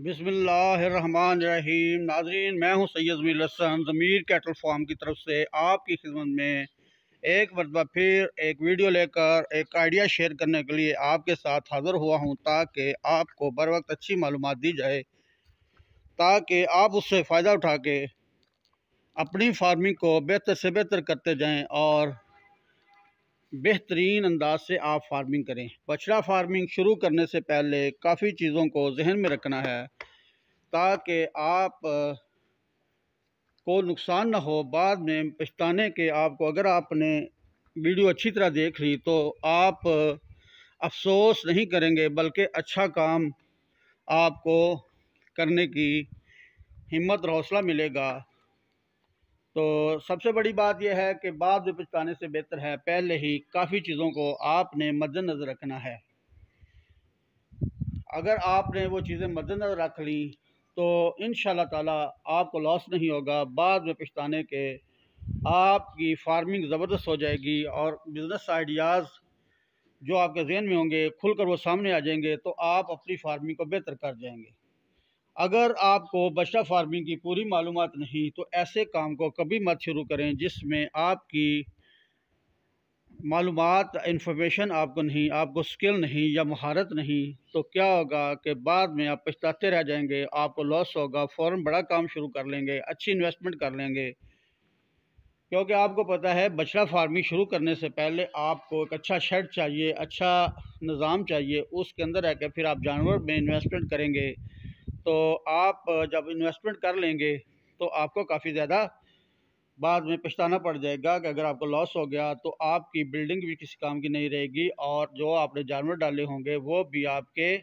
रहीम नाजरीन मैं हूं सैयद मिलसन ज़मीर कैटल फार्म की तरफ से आपकी खिदमत में एक मरतबा फिर एक वीडियो लेकर एक आइडिया शेयर करने के लिए आपके साथ हाज़िर हुआ हूं ताकि आपको बर वक्त अच्छी मालूम दी जाए ताकि आप उससे फ़ायदा उठा के अपनी फार्मिंग को बेहतर से बेहतर करते जाएं और बेहतरीन अंदाज से आप फार्मिंग करें बछड़ा फार्मिंग शुरू करने से पहले काफ़ी चीज़ों को जहन में रखना है ताकि आप को नुकसान ना हो बाद में पछताने के आपको अगर आपने वीडियो अच्छी तरह देख ली तो आप अफसोस नहीं करेंगे बल्कि अच्छा काम आपको करने की हिम्मत और हौसला मिलेगा तो सबसे बड़ी बात यह है कि बाद में पछताने से बेहतर है पहले ही काफ़ी चीज़ों को आपने मद्दनज़र रखना है अगर आपने वो चीज़ें मद्दनज़र रख ली तो इन ताला आपको लॉस नहीं होगा बाद में पछताने के आपकी फार्मिंग ज़बरदस्त हो जाएगी और बिज़नेस आइडियाज़ जो आपके जहन में होंगे खुलकर वो सामने आ जाएंगे तो आप अपनी फार्मिंग को बेहतर कर जाएंगे अगर आपको बच्चा फार्मिंग की पूरी मालूम नहीं तो ऐसे काम को कभी मत शुरू करें जिसमें आपकी मालूम इन्फॉर्मेशन आपको नहीं आपको स्किल नहीं या महारत नहीं तो क्या होगा कि बाद में आप पछताते रह जाएंगे आपको लॉस होगा फ़ौर बड़ा काम शुरू कर लेंगे अच्छी इन्वेस्टमेंट कर लेंगे क्योंकि आपको पता है बछड़ा फार्मिंग शुरू करने से पहले आपको एक अच्छा शेड चाहिए अच्छा निज़ाम चाहिए उसके अंदर रह कर फिर आप जानवर में इन्वेस्टमेंट करेंगे तो आप जब इन्वेस्टमेंट कर लेंगे तो आपको काफ़ी ज़्यादा बाद में पछताना पड़ जाएगा कि अगर आपको लॉस हो गया तो आपकी बिल्डिंग भी किसी काम की नहीं रहेगी और जो आपने जानवर डाले होंगे वो भी आपके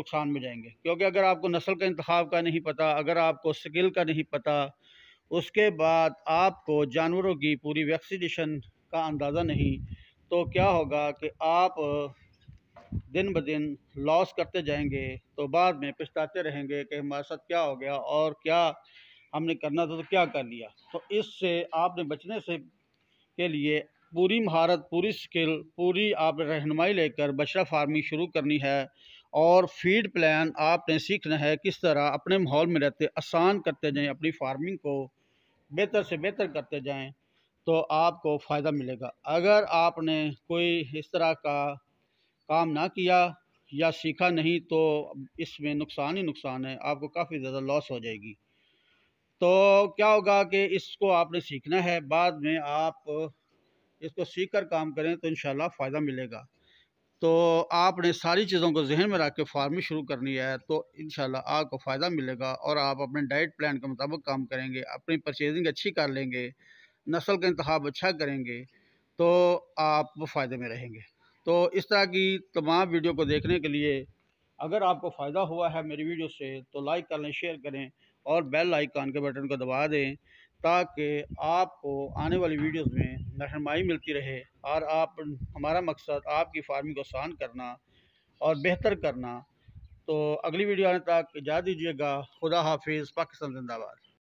नुकसान में जाएंगे क्योंकि अगर आपको नस्ल का इंतखा का नहीं पता अगर आपको स्किल का नहीं पता उसके बाद आपको जानवरों की पूरी वैक्सीनेशन का अंदाज़ा नहीं तो क्या होगा कि आप दिन ब दिन लॉस करते जाएंगे तो बाद में पछताते रहेंगे कि हमारे साथ क्या हो गया और क्या हमने करना था तो क्या कर लिया तो इससे आपने बचने से के लिए पूरी महारत पूरी स्किल पूरी आप रहनमाई लेकर बछड़ा फार्मिंग शुरू करनी है और फीड प्लान आपने सीखना है किस तरह अपने माहौल में रहते आसान करते जाएं अपनी फार्मिंग को बेहतर से बेहतर करते जाएं तो आपको फ़ायदा मिलेगा अगर आपने कोई इस तरह का काम ना किया या सीखा नहीं तो इसमें नुकसान ही नुकसान है आपको काफ़ी ज़्यादा लॉस हो जाएगी तो क्या होगा कि इसको आपने सीखना है बाद में आप इसको सीख कर काम करें तो इन फ़ायदा मिलेगा तो आपने सारी चीज़ों को जहन में रख के फार्मिंग शुरू करनी है तो इन आपको फ़ायदा मिलेगा और आप अपने डाइट प्लान के मुताबिक काम करेंगे अपनी परचेजिंग अच्छी कर लेंगे नस्ल का इंतब अच्छा करेंगे तो आप फ़ायदे में रहेंगे तो इस तरह की तमाम वीडियो को देखने के लिए अगर आपको फ़ायदा हुआ है मेरी वीडियो से तो लाइक कर लें शेयर करें और बेल आइकान के बटन को दबा दें ताकि आपको आने वाली वीडियोस में रहनमाई मिलती रहे और आप हमारा मकसद आपकी फार्मिंग को आसान करना और बेहतर करना तो अगली वीडियो आने तक जा दीजिएगा खुदा हाफिज़ पाकिस्तान जिंदाबाद